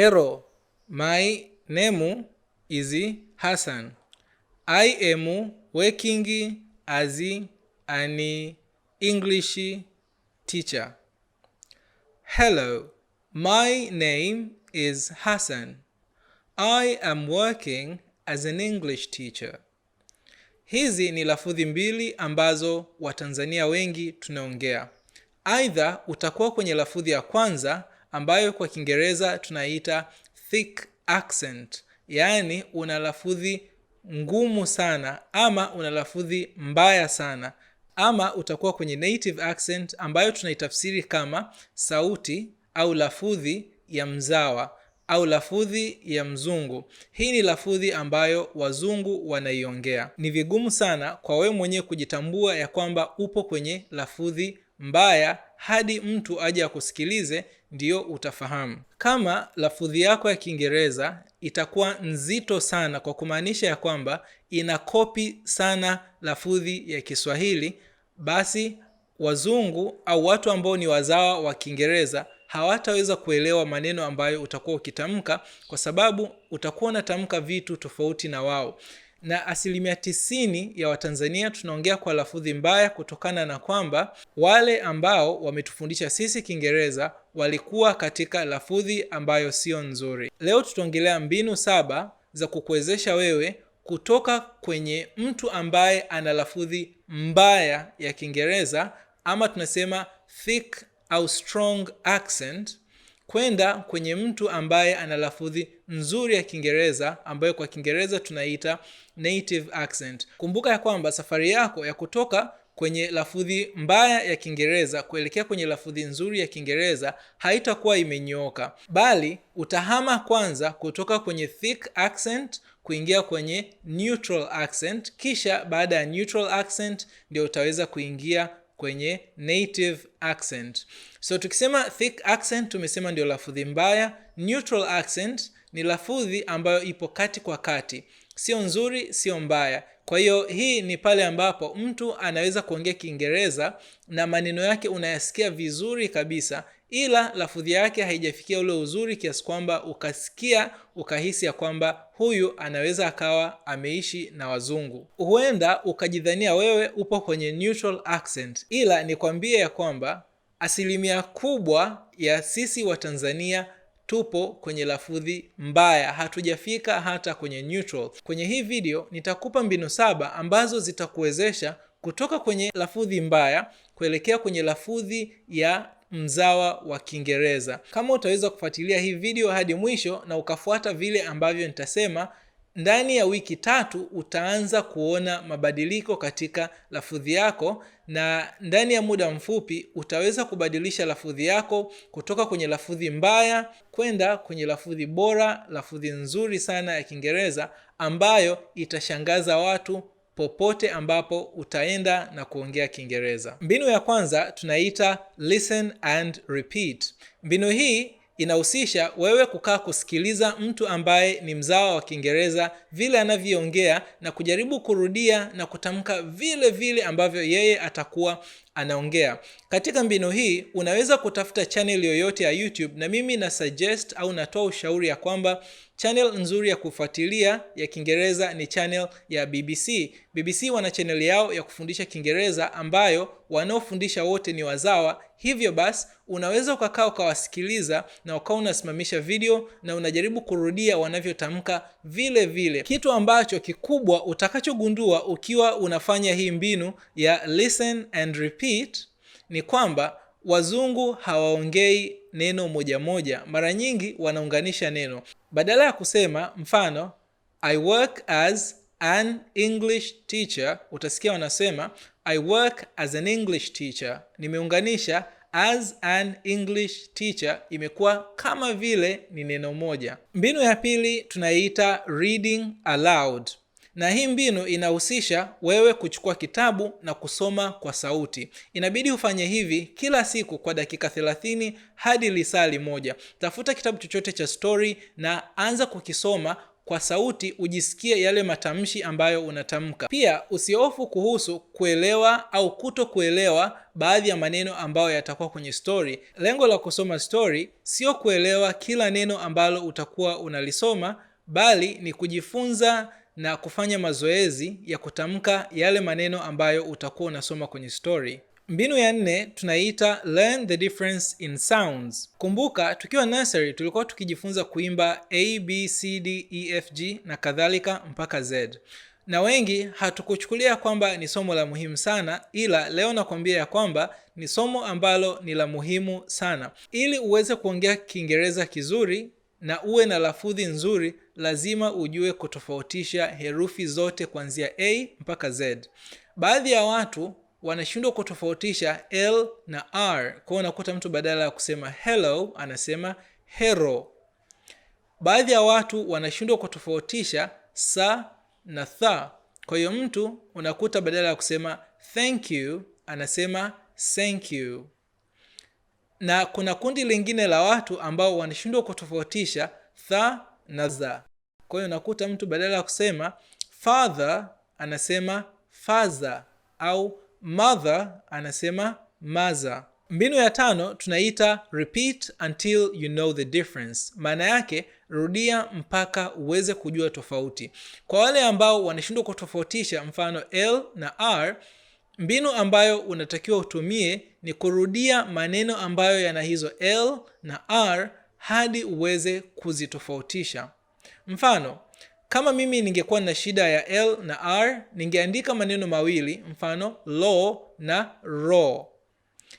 Hello, my name is Hassan. I am working as an English teacher. Hello, my name is Hassan. I am working as an English teacher. Hizi ni lafudhi mbili ambazo Watanzania wengi tunaongea. Aidha utakuwa kwenye lafudhi ya kwanza ambayo kwa Kiingereza tunaita thick accent, yaani una lafudhi ngumu sana ama una lafudhi mbaya sana, ama utakuwa kwenye native accent ambayo tunaitafsiri kama sauti au lafudhi ya mzawa au lafudhi ya mzungu. Hii ni lafudhi ambayo wazungu wanaiongea. Ni vigumu sana kwa wewe mwenyewe kujitambua ya kwamba upo kwenye lafudhi mbaya hadi mtu aje akusikilize ndio utafahamu kama lafudhi yako ya kiingereza itakuwa nzito sana kwa kumaanisha ya kwamba ina kopi sana lafudhi ya kiswahili basi wazungu au watu ambao ni wazawa wa kiingereza hawataweza kuelewa maneno ambayo utakuwa ukitamka kwa sababu utakuwa unatamka vitu tofauti na wao na asilimia tisini ya watanzania tunaongea kwa lafudhi mbaya kutokana na kwamba wale ambao wametufundisha sisi kiingereza walikuwa katika lafudhi ambayo sio nzuri. Leo tutaongelea mbinu saba za kukuwezesha wewe kutoka kwenye mtu ambaye ana lafudhi mbaya ya Kiingereza ama tunasema thick au strong accent kwenda kwenye mtu ambaye ana lafudhi nzuri ya Kiingereza ambayo kwa Kiingereza tunaita native accent. Kumbuka ya kwamba safari yako ya kutoka kwenye lafudhi mbaya ya Kiingereza kuelekea kwenye lafudhi nzuri ya Kiingereza haitakuwa imenyooka, bali utahama kwanza kutoka kwenye thick accent kuingia kwenye neutral accent, kisha baada ya neutral accent ndio utaweza kuingia kwenye native accent. So tukisema thick accent tumesema ndio lafudhi mbaya. Neutral accent ni lafudhi ambayo ipo kati kwa kati, sio nzuri, sio mbaya. Kwa hiyo hii ni pale ambapo mtu anaweza kuongea Kiingereza na maneno yake unayasikia vizuri kabisa, ila lafudhi yake haijafikia ule uzuri kiasi kwamba ukasikia ukahisi ya kwamba huyu anaweza akawa ameishi na wazungu. Huenda ukajidhania wewe upo kwenye neutral accent, ila nikwambie ya kwamba asilimia kubwa ya sisi Watanzania tupo kwenye lafudhi mbaya, hatujafika hata kwenye neutral. Kwenye hii video nitakupa mbinu saba ambazo zitakuwezesha kutoka kwenye lafudhi mbaya kuelekea kwenye lafudhi ya mzawa wa Kiingereza. Kama utaweza kufuatilia hii video hadi mwisho na ukafuata vile ambavyo nitasema, ndani ya wiki tatu utaanza kuona mabadiliko katika lafudhi yako na ndani ya muda mfupi utaweza kubadilisha lafudhi yako kutoka kwenye lafudhi mbaya kwenda kwenye lafudhi bora, lafudhi nzuri sana ya Kiingereza ambayo itashangaza watu popote ambapo utaenda na kuongea Kiingereza. Mbinu ya kwanza tunaita listen and repeat. Mbinu hii inahusisha wewe kukaa kusikiliza mtu ambaye ni mzawa wa Kiingereza vile anavyoongea na kujaribu kurudia na kutamka vile vile ambavyo yeye atakuwa anaongea. Katika mbinu hii unaweza kutafuta chaneli yoyote ya YouTube, na mimi na suggest au natoa ushauri ya kwamba Channel nzuri ya kufuatilia ya Kiingereza ni channel ya BBC. BBC wana channel yao ya kufundisha Kiingereza ambayo wanaofundisha wote ni wazawa. Hivyo basi unaweza ukakaa ukawasikiliza na ukawa unasimamisha video na unajaribu kurudia wanavyotamka vile vile. Kitu ambacho kikubwa utakachogundua ukiwa unafanya hii mbinu ya listen and repeat ni kwamba wazungu hawaongei neno moja moja, mara nyingi wanaunganisha neno badala ya kusema. Mfano, I work as an English teacher, utasikia wanasema I work as an English teacher. Nimeunganisha as an English teacher, imekuwa kama vile ni neno moja. Mbinu ya pili tunaiita reading aloud na hii mbinu inahusisha wewe kuchukua kitabu na kusoma kwa sauti. Inabidi ufanye hivi kila siku kwa dakika thelathini hadi lisali moja. Tafuta kitabu chochote cha stori na anza kukisoma kwa sauti ujisikie yale matamshi ambayo unatamka. Pia usiofu kuhusu kuelewa au kuto kuelewa baadhi ya maneno ambayo yatakuwa kwenye stori. Lengo la kusoma stori sio kuelewa kila neno ambalo utakuwa unalisoma, bali ni kujifunza na kufanya mazoezi ya kutamka yale maneno ambayo utakuwa unasoma kwenye story. Mbinu ya nne tunaiita learn the difference in sounds. Kumbuka tukiwa nursery tulikuwa tukijifunza kuimba a b c d e f g na kadhalika mpaka z, na wengi hatukuchukulia kwamba ni somo la muhimu sana, ila leo nakwambia ya kwamba ni somo ambalo ni la muhimu sana. Ili uweze kuongea Kiingereza kizuri na uwe na lafudhi nzuri, lazima ujue kutofautisha herufi zote kuanzia a mpaka z. Baadhi ya watu wanashindwa kutofautisha l na r, kwao unakuta mtu badala ya kusema hello anasema hero. Baadhi ya watu wanashindwa kutofautisha sa na tha, kwa hiyo mtu unakuta badala ya kusema thank you anasema thank you na kuna kundi lingine la watu ambao wanashindwa kutofautisha tha na za. Kwa hiyo unakuta mtu badala ya kusema father anasema faza au mother anasema maza Mbinu ya tano tunaita repeat until you know the difference. Maana yake rudia mpaka uweze kujua tofauti. Kwa wale ambao wanashindwa kutofautisha mfano L na R Mbinu ambayo unatakiwa utumie ni kurudia maneno ambayo yana hizo L na R hadi uweze kuzitofautisha. Mfano, kama mimi ningekuwa na shida ya L na R, ningeandika maneno mawili, mfano law na raw.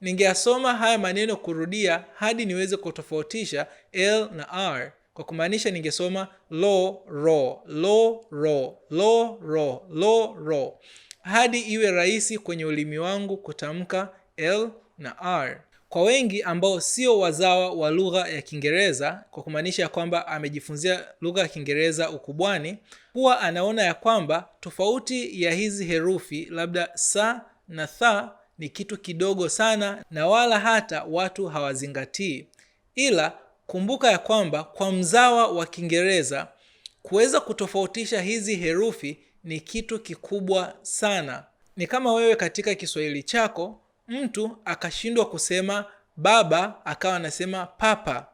Ningeyasoma haya maneno kurudia hadi niweze kutofautisha L na R. Kwa kumaanisha ningesoma law raw, law raw, law raw, law raw hadi iwe rahisi kwenye ulimi wangu kutamka L na R. Kwa wengi ambao sio wazawa wa lugha ya Kiingereza, kwa kumaanisha ya kwamba amejifunzia lugha ya Kiingereza ukubwani, huwa anaona ya kwamba tofauti ya hizi herufi labda sa na tha ni kitu kidogo sana na wala hata watu hawazingatii. Ila kumbuka ya kwamba kwa mzawa wa Kiingereza kuweza kutofautisha hizi herufi ni kitu kikubwa sana. Ni kama wewe katika Kiswahili chako mtu akashindwa kusema baba akawa anasema papa.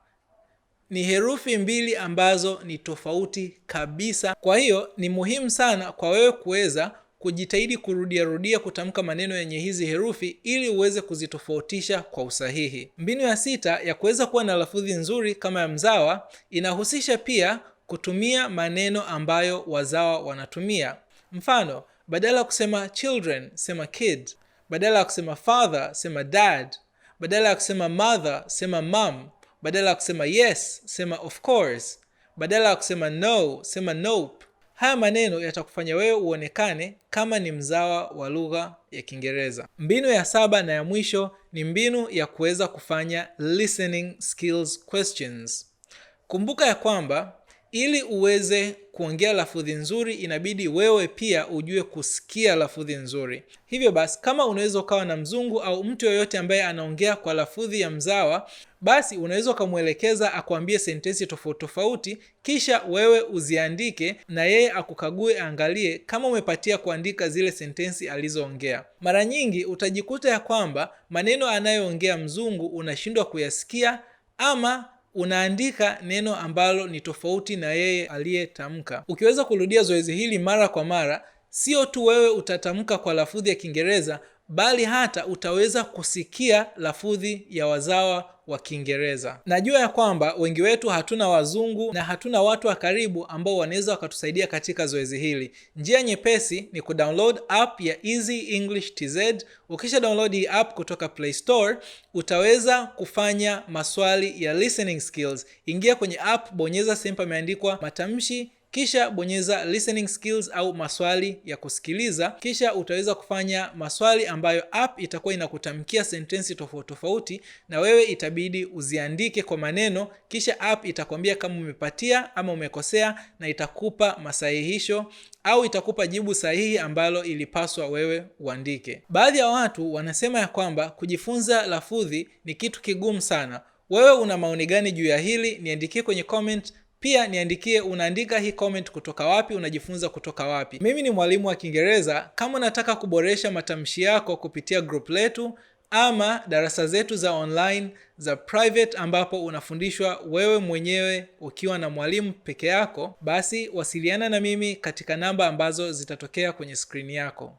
Ni herufi mbili ambazo ni tofauti kabisa. Kwa hiyo ni muhimu sana kwa wewe kuweza kujitahidi kurudiarudia kutamka maneno yenye hizi herufi ili uweze kuzitofautisha kwa usahihi. Mbinu ya sita ya kuweza kuwa na lafudhi nzuri kama ya mzawa inahusisha pia kutumia maneno ambayo wazawa wanatumia mfano badala ya kusema children sema kid badala ya kusema father sema dad badala ya kusema mother sema mam badala ya kusema yes sema of course badala ya kusema no sema nope haya maneno yatakufanya wewe uonekane kama ni mzawa wa lugha ya kiingereza mbinu ya saba na ya mwisho ni mbinu ya kuweza kufanya listening skills questions kumbuka ya kwamba ili uweze kuongea lafudhi nzuri inabidi wewe pia ujue kusikia lafudhi nzuri. Hivyo basi, kama unaweza ukawa na mzungu au mtu yoyote ambaye anaongea kwa lafudhi ya mzawa, basi unaweza ukamwelekeza akuambie sentensi tofauti tofauti, kisha wewe uziandike na yeye akukague, aangalie kama umepatia kuandika zile sentensi alizoongea. Mara nyingi utajikuta ya kwamba maneno anayoongea mzungu unashindwa kuyasikia ama unaandika neno ambalo ni tofauti na yeye aliyetamka. Ukiweza kurudia zoezi hili mara kwa mara, sio tu wewe utatamka kwa lafudhi ya Kiingereza, bali hata utaweza kusikia lafudhi ya wazawa wa Kiingereza. Najua ya kwamba wengi wetu hatuna wazungu na hatuna watu wa karibu ambao wanaweza wakatusaidia katika zoezi hili. Njia nyepesi ni kudownload app ya Easy English TZ. Ukisha download hii app kutoka Play Store, utaweza kufanya maswali ya listening skills. Ingia kwenye app, bonyeza sehemu pameandikwa matamshi kisha bonyeza listening skills au maswali ya kusikiliza, kisha utaweza kufanya maswali ambayo app itakuwa inakutamkia sentensi tofauti tofauti, na wewe itabidi uziandike kwa maneno, kisha app itakwambia kama umepatia ama umekosea, na itakupa masahihisho au itakupa jibu sahihi ambalo ilipaswa wewe uandike. Baadhi ya watu wanasema ya kwamba kujifunza lafudhi ni kitu kigumu sana. Wewe una maoni gani juu ya hili? Niandikie kwenye comment pia niandikie unaandika hii comment kutoka wapi, unajifunza kutoka wapi. Mimi ni mwalimu wa Kiingereza. Kama unataka kuboresha matamshi yako kupitia group letu ama darasa zetu za online za private ambapo unafundishwa wewe mwenyewe ukiwa na mwalimu peke yako, basi wasiliana na mimi katika namba ambazo zitatokea kwenye skrini yako.